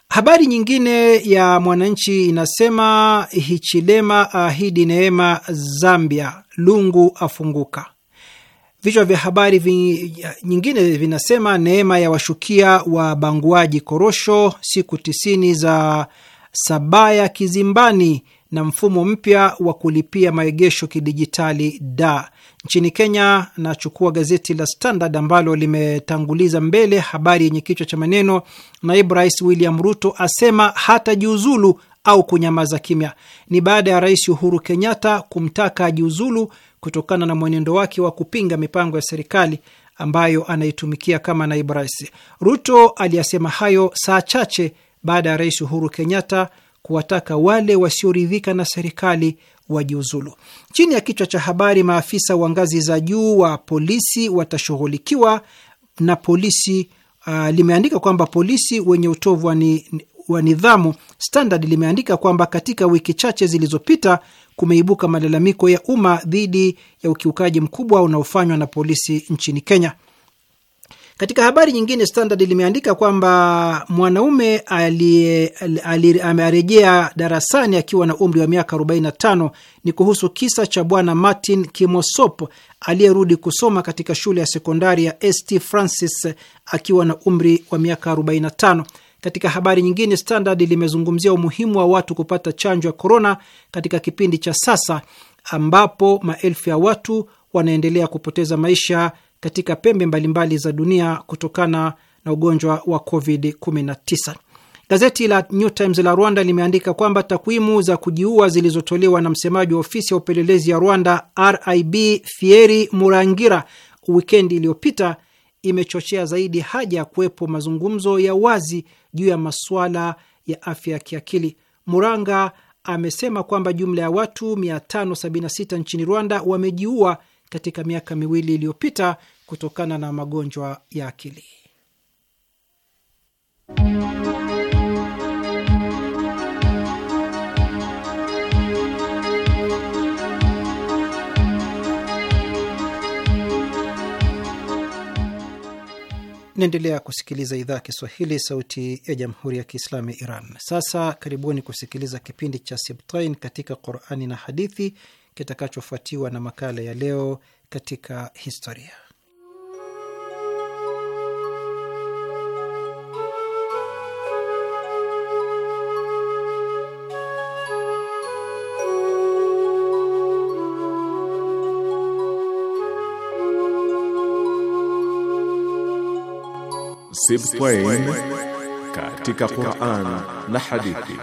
Habari nyingine ya Mwananchi inasema Hichilema ahidi neema Zambia, Lungu afunguka. Vichwa vya habari vi, nyingine vinasema neema ya washukia wa banguaji korosho, siku tisini za Sabaya kizimbani, na mfumo mpya wa kulipia maegesho kidijitali da Nchini Kenya nachukua gazeti la Standard ambalo limetanguliza mbele habari yenye kichwa cha maneno, naibu rais William Ruto asema hata jiuzulu au kunyamaza kimya. Ni baada ya rais Uhuru Kenyatta kumtaka ajiuzulu kutokana na mwenendo wake wa kupinga mipango ya serikali ambayo anaitumikia kama naibu rais. Ruto aliyasema hayo saa chache baada ya rais Uhuru Kenyatta kuwataka wale wasioridhika na serikali wajiuzulu. Chini ya kichwa cha habari, maafisa wa ngazi za juu wa polisi watashughulikiwa na polisi, uh, limeandika kwamba polisi wenye utovu wa ni, wa nidhamu. Standard limeandika kwamba katika wiki chache zilizopita kumeibuka malalamiko ya umma dhidi ya ukiukaji mkubwa unaofanywa na polisi nchini Kenya. Katika habari nyingine, Standard limeandika kwamba mwanaume amearejea darasani akiwa na umri wa miaka 45 ni kuhusu kisa cha bwana Martin Kimosop aliyerudi kusoma katika shule ya sekondari ya St Francis akiwa na umri wa miaka 45. Katika habari nyingine, Standard limezungumzia umuhimu wa watu kupata chanjo ya korona katika kipindi cha sasa ambapo maelfu ya watu wanaendelea kupoteza maisha katika pembe mbalimbali za dunia kutokana na ugonjwa wa COVID-19. Gazeti la New Times la Rwanda limeandika kwamba takwimu za kujiua zilizotolewa na msemaji wa ofisi ya upelelezi ya Rwanda RIB Fieri Murangira wikendi iliyopita imechochea zaidi haja ya kuwepo mazungumzo ya wazi juu ya masuala ya afya ya kiakili. Muranga amesema kwamba jumla ya watu 576 nchini Rwanda wamejiua katika miaka miwili iliyopita kutokana na magonjwa ya akili. Naendelea kusikiliza idhaa ya Kiswahili, sauti ya jamhuri ya kiislamu ya Iran. Sasa karibuni kusikiliza kipindi cha Sibtain katika Qurani na hadithi kitakachofuatiwa na makala ya leo katika historia. Sibtain katika Qur'an na hadithi.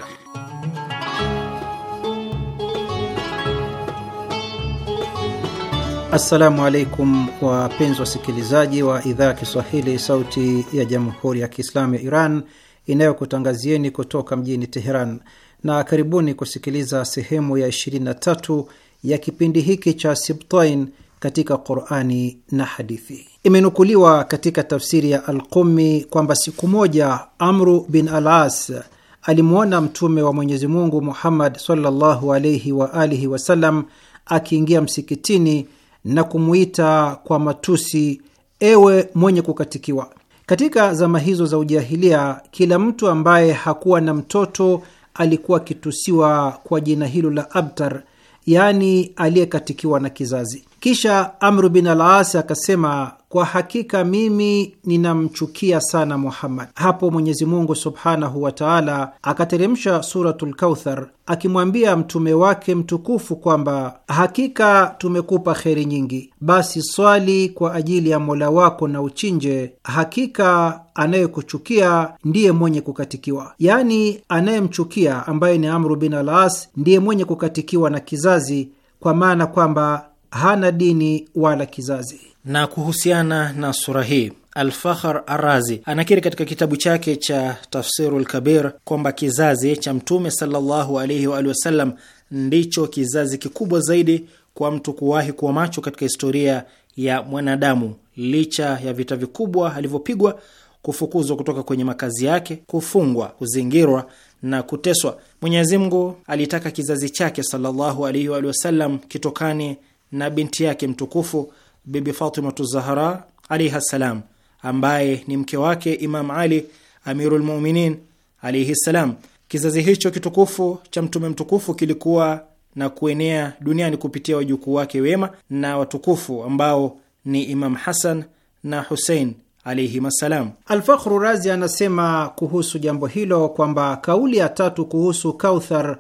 Assalamu alaikum wapenzi wasikilizaji wa idhaa ya Kiswahili sauti ya Jamhuri ya Kiislamu ya Iran inayokutangazieni kutoka mjini Teheran na karibuni kusikiliza sehemu ya 23 ya kipindi hiki cha Sibtain katika Qur'ani na hadithi. Imenukuliwa katika tafsiri ya Alqumi kwamba siku moja Amru bin Alas alimwona Mtume wa Mwenyezi Mungu Muhammad sallallahu alaihi wa alihi wasallam akiingia msikitini na kumwita kwa matusi, ewe mwenye kukatikiwa. Katika zama hizo za ujahilia, kila mtu ambaye hakuwa na mtoto alikuwa akitusiwa kwa jina hilo la abtar, yaani aliyekatikiwa na kizazi. Kisha Amru bin al-As akasema, kwa hakika mimi ninamchukia sana Muhammad. Hapo Mwenyezi Mungu subhanahu wa taala akateremsha Suratul Kauthar akimwambia mtume wake mtukufu kwamba hakika tumekupa kheri nyingi, basi swali kwa ajili ya mola wako na uchinje. Hakika anayekuchukia ndiye mwenye kukatikiwa, yaani anayemchukia ambaye ni Amru bin al-As ndiye mwenye kukatikiwa na kizazi, kwa maana kwamba hana dini wala kizazi. Na kuhusiana na sura hii Alfahar Arazi anakiri katika kitabu chake cha Tafsiru lkabir kwamba kizazi cha Mtume sallallahu alaihi waalihi wasallam ndicho kizazi kikubwa zaidi kwa mtu kuwahi kuwa macho katika historia ya mwanadamu, licha ya vita vikubwa alivyopigwa, kufukuzwa kutoka kwenye makazi yake, kufungwa, kuzingirwa na kuteswa. Mwenyezi Mungu alitaka kizazi chake sallallahu alaihi waalihi wasallam kitokane na binti yake mtukufu Bibi Fatimatu Zahra alaihi ssalam, ambaye ni mke wake Imam Ali Amirul Muminin alaihi ssalam. Kizazi hicho kitukufu cha mtume mtukufu kilikuwa na kuenea duniani kupitia wajukuu wake wema na watukufu ambao ni Imam Hasan na Husein alaihim assalam. Alfakhru Razi anasema kuhusu jambo hilo kwamba kauli ya tatu kuhusu Kauthar,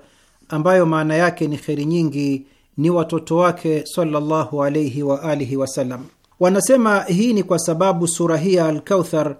ambayo maana yake ni kheri nyingi, ni watoto wake sallallahu alayhi wa alihi wasallam. Wanasema hii ni kwa sababu sura hii ya Alkauthar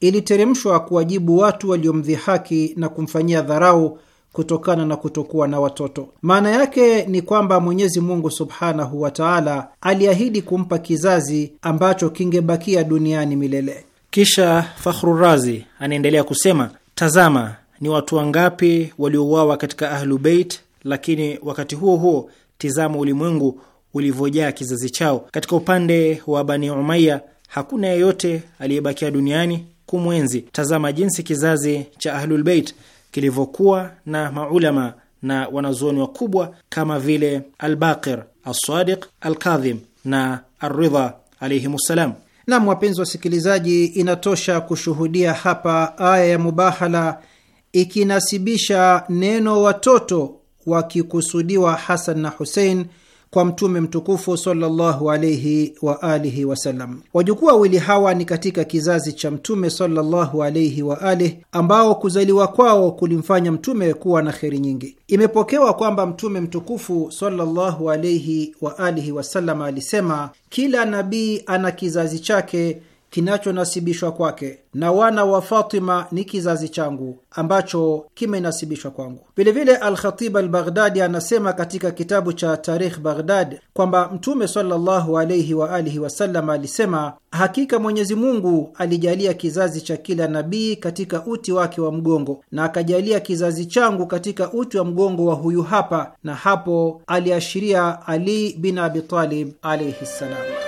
iliteremshwa kuwajibu watu waliomdhihaki na kumfanyia dharau kutokana na kutokuwa na watoto. Maana yake ni kwamba Mwenyezi Mungu subhanahu wa taala aliahidi kumpa kizazi ambacho kingebakia duniani milele. Kisha Fakhrurazi anaendelea kusema, tazama ni watu wangapi waliouawa katika Ahlubeit, lakini wakati huo huo tizama ulimwengu ulivyojaa kizazi chao. Katika upande wa Bani Umaya hakuna yeyote aliyebakia duniani kumwenzi. Tazama jinsi kizazi cha Ahlulbeit kilivyokuwa na maulama na wanazuoni wakubwa kama vile Albaqir, Alsadiq, Alkadhim na Alridha alaihimussalam. Nam, wapenzi wasikilizaji, inatosha kushuhudia hapa aya ya mubahala ikinasibisha neno watoto wakikusudiwa Hasan na Husein kwa Mtume mtukufu sallallahu alaihi wa alihi wasallam. Wajukuu wawili hawa ni katika kizazi cha Mtume sallallahu alaihi wa alihi, ambao kuzaliwa kwao kulimfanya Mtume kuwa na kheri nyingi. Imepokewa kwamba Mtume mtukufu sallallahu alaihi wa alihi wasallam alisema, kila nabii ana kizazi chake kinachonasibishwa kwake, na wana wa Fatima ni kizazi changu ambacho kimenasibishwa kwangu. Vilevile, Alkhatib Albaghdadi anasema katika kitabu cha Tarikh Baghdad kwamba Mtume sallallahu alaihi wasallam alisema, hakika Mwenyezi Mungu alijalia kizazi cha kila nabii katika uti wake wa mgongo, na akajalia kizazi changu katika uti wa mgongo wa huyu hapa, na hapo aliashiria Ali bin Abi Talib alaihi ssalam.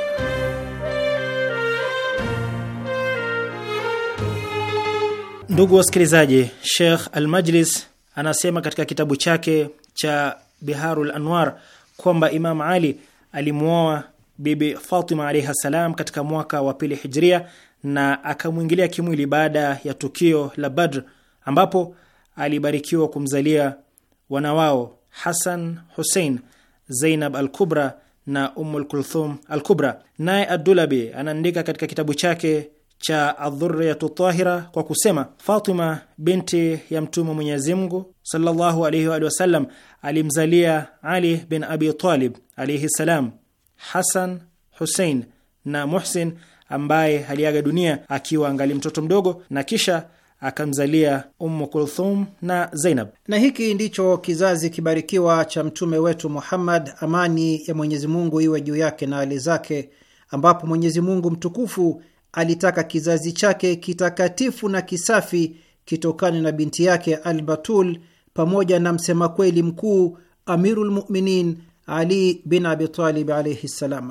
Ndugu wasikilizaji, Sheikh Al-Majlis anasema katika kitabu chake cha Biharul Anwar kwamba Imam Ali alimwoa Bibi Fatima alaihi ssalam katika mwaka wa pili Hijria na akamwingilia kimwili baada ya tukio la Badr ambapo alibarikiwa kumzalia wana wao Hasan, Husein, Zainab al-Kubra na Ummul Kulthum al-Kubra. Naye Adulabi anaandika katika kitabu chake cha adhuriyatu Tahira kwa kusema, Fatima binti ya Mtume Mwenyezi Mungu sallallahu alaihi wa sallam alimzalia Ali bin Abi Talib alaihi salam Hasan, Husein na Muhsin ambaye aliaga dunia akiwa angali mtoto mdogo na kisha akamzalia Ummu Kulthum na Zainab. Na hiki ndicho kizazi kibarikiwa cha mtume wetu Muhammad, amani ya Mwenyezi Mungu iwe juu yake na hali zake, ambapo Mwenyezi Mungu mtukufu alitaka kizazi chake kitakatifu na kisafi kitokane na binti yake Albatul pamoja na msema kweli mkuu amirulmuminin Ali bin Abitalib alaihi ssalam.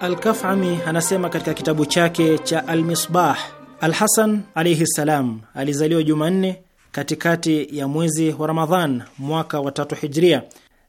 Alkafami anasema katika kitabu chake cha Almisbah, Alhasan alaihi ssalam alizaliwa Jumanne katikati ya mwezi wa Ramadhan mwaka wa tatu hijria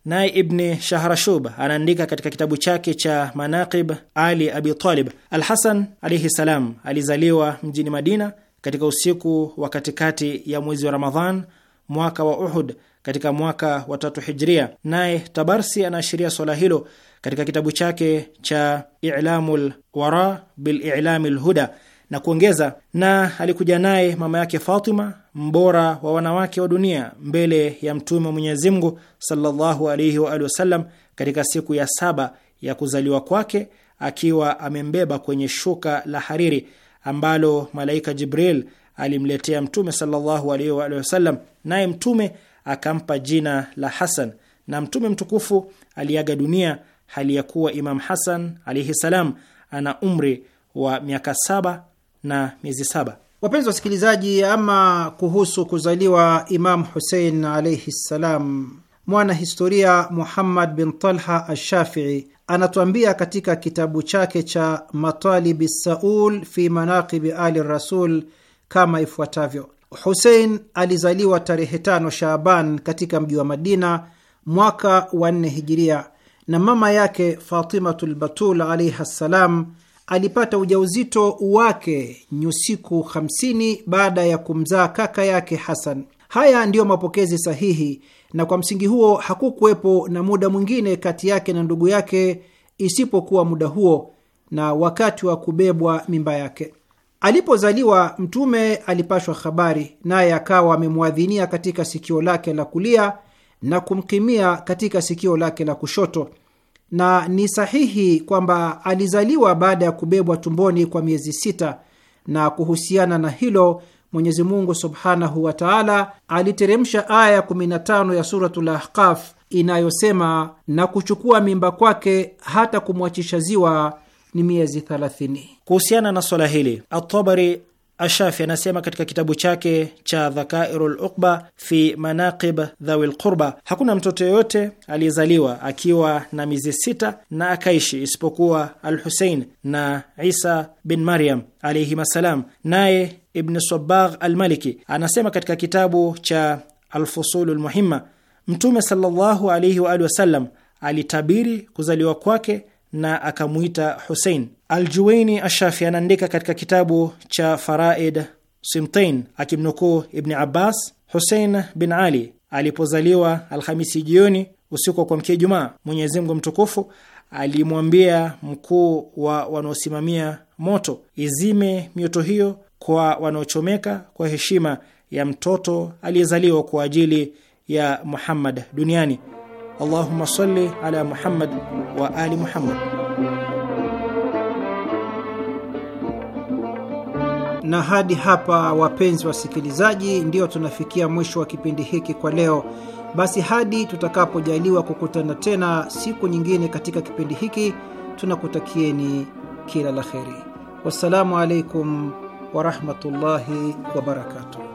Naye Ibni Shahrashub anaandika katika kitabu chake cha Manaqib Ali Abi Talib, Al-Hasan alaihi salam alizaliwa mjini Madina katika usiku wa katikati ya mwezi wa Ramadhan mwaka wa Uhud katika mwaka wa tatu Hijria. Naye Tabarsi anaashiria swala hilo katika kitabu chake cha Ilamul Wara Bililami lhuda na kuongeza, na alikuja naye mama yake Fatima, mbora wa wanawake wa dunia, mbele ya Mtume wa Mwenyezi Mungu sallallahu alaihi wa alihi wasallam katika siku ya saba ya kuzaliwa kwake, akiwa amembeba kwenye shuka la hariri ambalo malaika Jibril alimletea Mtume sallallahu alaihi wa alihi wasallam, naye Mtume akampa jina la Hasan. Na Mtume mtukufu aliaga dunia hali ya kuwa Imam Hasan alaihi salam ana umri wa miaka saba na miezi saba. Wapenzi wasikilizaji, ama kuhusu kuzaliwa Imam Husein alaihi ssalam, mwana historia Muhammad bin Talha Alshafii anatuambia katika kitabu chake cha Matalibi Saul fi Manaqibi Ali Rasul kama ifuatavyo: Husein alizaliwa tarehe tano Shaaban katika mji wa Madina mwaka wa nne Hijiria, na mama yake Fatimatu Lbatul alaihi ssalam alipata ujauzito wake nyusiku 50 baada ya kumzaa kaka yake Hasan. Haya ndiyo mapokezi sahihi, na kwa msingi huo hakukuwepo na muda mwingine kati yake na ndugu yake isipokuwa muda huo na wakati wa kubebwa mimba yake. Alipozaliwa Mtume alipashwa habari, naye akawa amemwadhinia katika sikio lake la kulia na kumkimia katika sikio lake la kushoto na ni sahihi kwamba alizaliwa baada ya kubebwa tumboni kwa miezi sita, na kuhusiana na hilo Mwenyezi Mungu subhanahu wa taala aliteremsha aya ya 15 ya Suratul Ahqaf inayosema, na kuchukua mimba kwake hata kumwachisha ziwa ni miezi 30. Kuhusiana na swala hili Atabari Ashafi anasema katika kitabu chake cha Dhakairu luqba fi manaqib dhawi lqurba, hakuna mtoto yoyote aliyezaliwa akiwa na miezi sita na akaishi isipokuwa al Husein na Isa bin Maryam alaihim assalam. Naye Ibn Sabagh Almaliki anasema katika kitabu cha Alfusulu lmuhima Mtume sallallahu alaihi waalihi wasallam alitabiri kuzaliwa kwake na akamwita Husein. Aljuwaini Ashafi anaandika katika kitabu cha Faraid Simtain akimnukuu Ibni Abbas, Husein bin Ali alipozaliwa Alhamisi jioni usiku wa kuamkia Ijumaa, Mwenyezi Mungu mtukufu alimwambia mkuu wa wanaosimamia moto, izime mioto hiyo kwa wanaochomeka kwa heshima ya mtoto aliyezaliwa kwa ajili ya Muhammad duniani. Allahumma salli ala Muhammad wa ali Muhammad. na hadi hapa, wapenzi wasikilizaji, ndio tunafikia mwisho wa kipindi hiki kwa leo. Basi hadi tutakapojaliwa kukutana tena siku nyingine katika kipindi hiki, tunakutakieni kila la kheri. Wassalamu alaikum warahmatullahi wabarakatuh.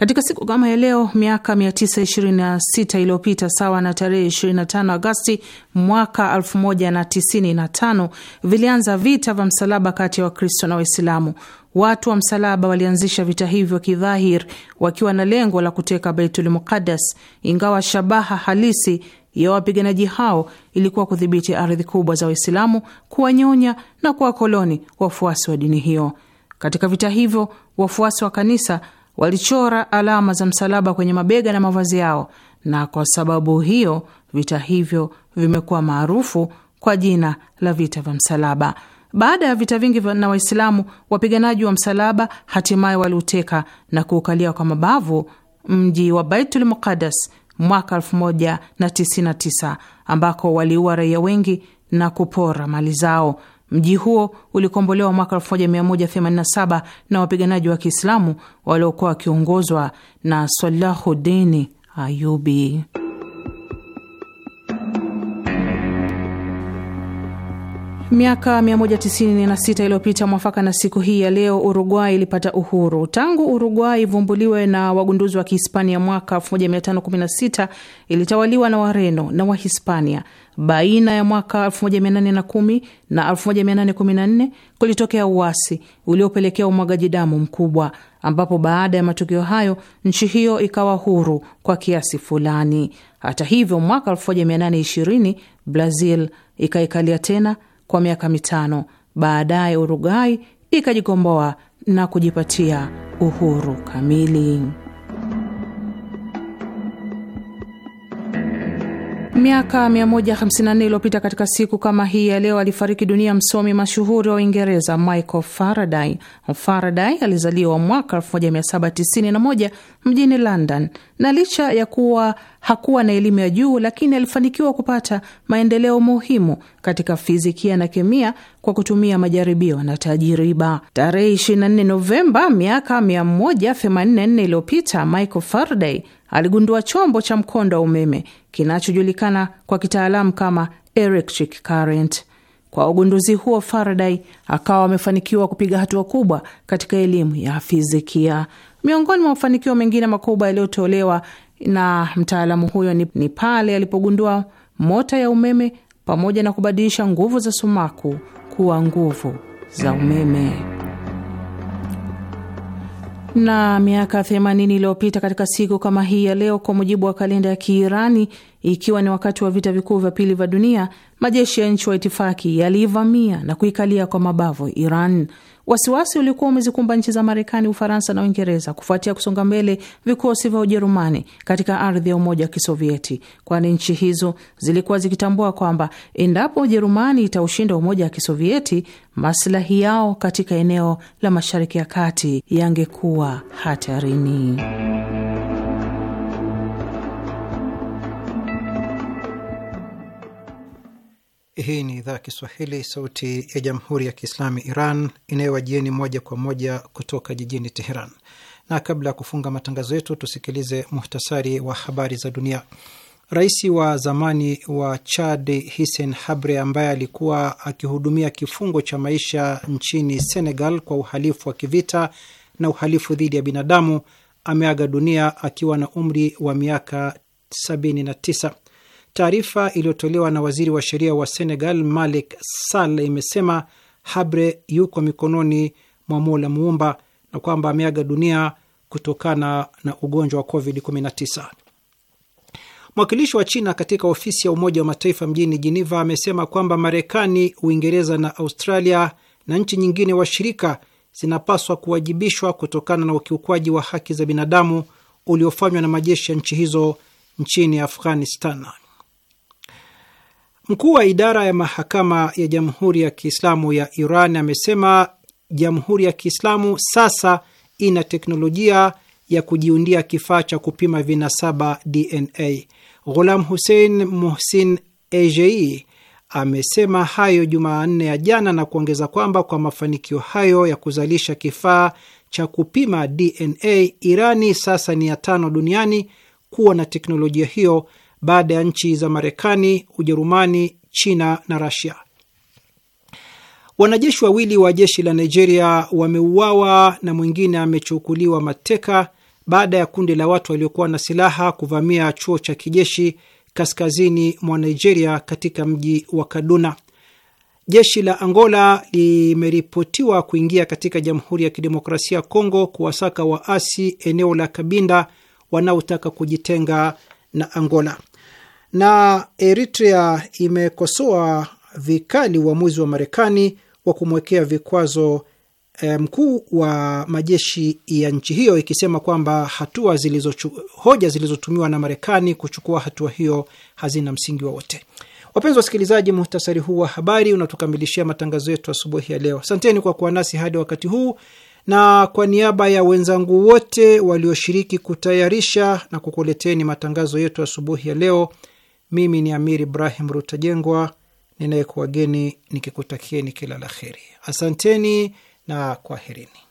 Katika siku kama ya leo miaka 926 iliyopita, sawa na tarehe 25 Agasti mwaka 1095, vilianza vita vya msalaba kati ya Wakristo na Waislamu. Watu wa msalaba walianzisha vita hivyo kidhahir, wakiwa na lengo la kuteka Baitul Muqaddas, ingawa shabaha halisi ya wapiganaji hao ilikuwa kudhibiti ardhi kubwa za Waislamu, kuwanyonya na kuwakoloni wafuasi wa dini hiyo. Katika vita hivyo wafuasi wa kanisa Walichora alama za msalaba kwenye mabega na mavazi yao, na kwa sababu hiyo vita hivyo vimekuwa maarufu kwa jina la vita vya msalaba. Baada ya vita vingi na Waislamu, wapiganaji wa msalaba hatimaye waliuteka na kuukalia kwa mabavu mji wa Baitul Muqaddas mwaka 1999 ambako waliua raia wengi na kupora mali zao. Mji huo ulikombolewa mwaka 1187 na wapiganaji wa Kiislamu waliokuwa wakiongozwa na Salahudin Ayubi. Miaka 196 iliyopita mwafaka na siku hii ya leo, Uruguay ilipata uhuru. Tangu Uruguay ivumbuliwe na wagunduzi wa Kihispania mwaka 1516, ilitawaliwa na Wareno na Wahispania baina ya mwaka 1810 na 1814 kulitokea uasi uliopelekea umwagaji damu mkubwa, ambapo baada ya matukio hayo nchi hiyo ikawa huru kwa kiasi fulani. Hata hivyo, mwaka 1820 Brazil ikaikalia tena kwa miaka mitano. Baadaye Uruguay ikajikomboa na kujipatia uhuru kamili. Miaka 154 iliyopita katika siku kama hii ya leo alifariki dunia msomi mashuhuri wa Uingereza Michael Faraday. Faraday alizaliwa mwaka 1791 mjini London, na licha ya kuwa hakuwa na elimu ya juu, lakini alifanikiwa kupata maendeleo muhimu katika fizikia na kemia kwa kutumia majaribio na tajiriba. Tarehe 24 Novemba miaka 184 iliyopita Michael Faraday aligundua chombo cha mkondo wa umeme kinachojulikana kwa kitaalamu kama electric current. Kwa ugunduzi huo, Faraday akawa amefanikiwa kupiga hatua kubwa katika elimu ya fizikia. Miongoni mwa mafanikio mengine makubwa yaliyotolewa na mtaalamu huyo ni, ni pale alipogundua mota ya umeme pamoja na kubadilisha nguvu za sumaku kuwa nguvu za umeme. Na miaka 80 iliyopita katika siku kama hii ya leo, kwa mujibu wa kalenda ya Kiirani, ikiwa ni wakati wa vita vikuu vya pili vya dunia, majeshi ya nchi wa itifaki yaliivamia na kuikalia kwa mabavu Iran. Wasiwasi ulikuwa umezikumba nchi za Marekani, Ufaransa na Uingereza kufuatia kusonga mbele vikosi vya Ujerumani katika ardhi ya Umoja wa Kisovieti, kwani nchi hizo zilikuwa zikitambua kwamba endapo Ujerumani itaushinda Umoja wa Kisovieti, maslahi yao katika eneo la Mashariki ya Kati yangekuwa hatarini. Hii ni idhaa Kiswahili, sauti ya jamhuri ya kiislami Iran inayowajieni moja kwa moja kutoka jijini Teheran. Na kabla ya kufunga matangazo yetu, tusikilize muhtasari wa habari za dunia. Rais wa zamani wa Chad Hissen Habre, ambaye alikuwa akihudumia kifungo cha maisha nchini Senegal kwa uhalifu wa kivita na uhalifu dhidi ya binadamu, ameaga dunia akiwa na umri wa miaka Taarifa iliyotolewa na waziri wa sheria wa Senegal Malik Sall imesema Habre yuko mikononi mwa Mola Muumba na kwamba ameaga dunia kutokana na ugonjwa wa COVID-19. Mwakilishi wa China katika ofisi ya Umoja wa Mataifa mjini jiniva amesema kwamba Marekani, Uingereza na Australia na nchi nyingine washirika zinapaswa kuwajibishwa kutokana na ukiukwaji wa haki za binadamu uliofanywa na majeshi ya nchi hizo nchini Afghanistan. Mkuu wa idara ya mahakama ya Jamhuri ya Kiislamu ya Iran amesema Jamhuri ya Kiislamu sasa ina teknolojia ya kujiundia kifaa cha kupima vinasaba DNA. Ghulam Hussein Muhsin Ejei amesema hayo Jumanne ya jana na kuongeza kwamba kwa mafanikio hayo ya kuzalisha kifaa cha kupima DNA, Irani sasa ni ya tano duniani kuwa na teknolojia hiyo baada ya nchi za Marekani, Ujerumani, China na Rasia. Wanajeshi wawili wa jeshi la Nigeria wameuawa na mwingine amechukuliwa mateka baada ya kundi la watu waliokuwa na silaha kuvamia chuo cha kijeshi kaskazini mwa Nigeria katika mji wa Kaduna. Jeshi la Angola limeripotiwa kuingia katika Jamhuri ya Kidemokrasia ya Kongo kuwasaka waasi eneo la Kabinda wanaotaka kujitenga na Angola na Eritrea imekosoa vikali uamuzi wa Marekani wa kumwekea vikwazo eh, mkuu wa majeshi ya nchi hiyo ikisema kwamba hatua zilizochu, hoja zilizotumiwa na Marekani kuchukua hatua hiyo hazina msingi wowote. Wapenzi wasikilizaji, muhtasari huu wa habari unatukamilishia matangazo yetu asubuhi ya leo. Asanteni kwa kuwa nasi hadi wakati huu, na kwa niaba ya wenzangu wote walioshiriki kutayarisha na kukuleteni matangazo yetu asubuhi ya leo mimi ni Amir Ibrahim Rutajengwa ninayekuwageni nikikutakieni kila la heri. Asanteni na kwaherini.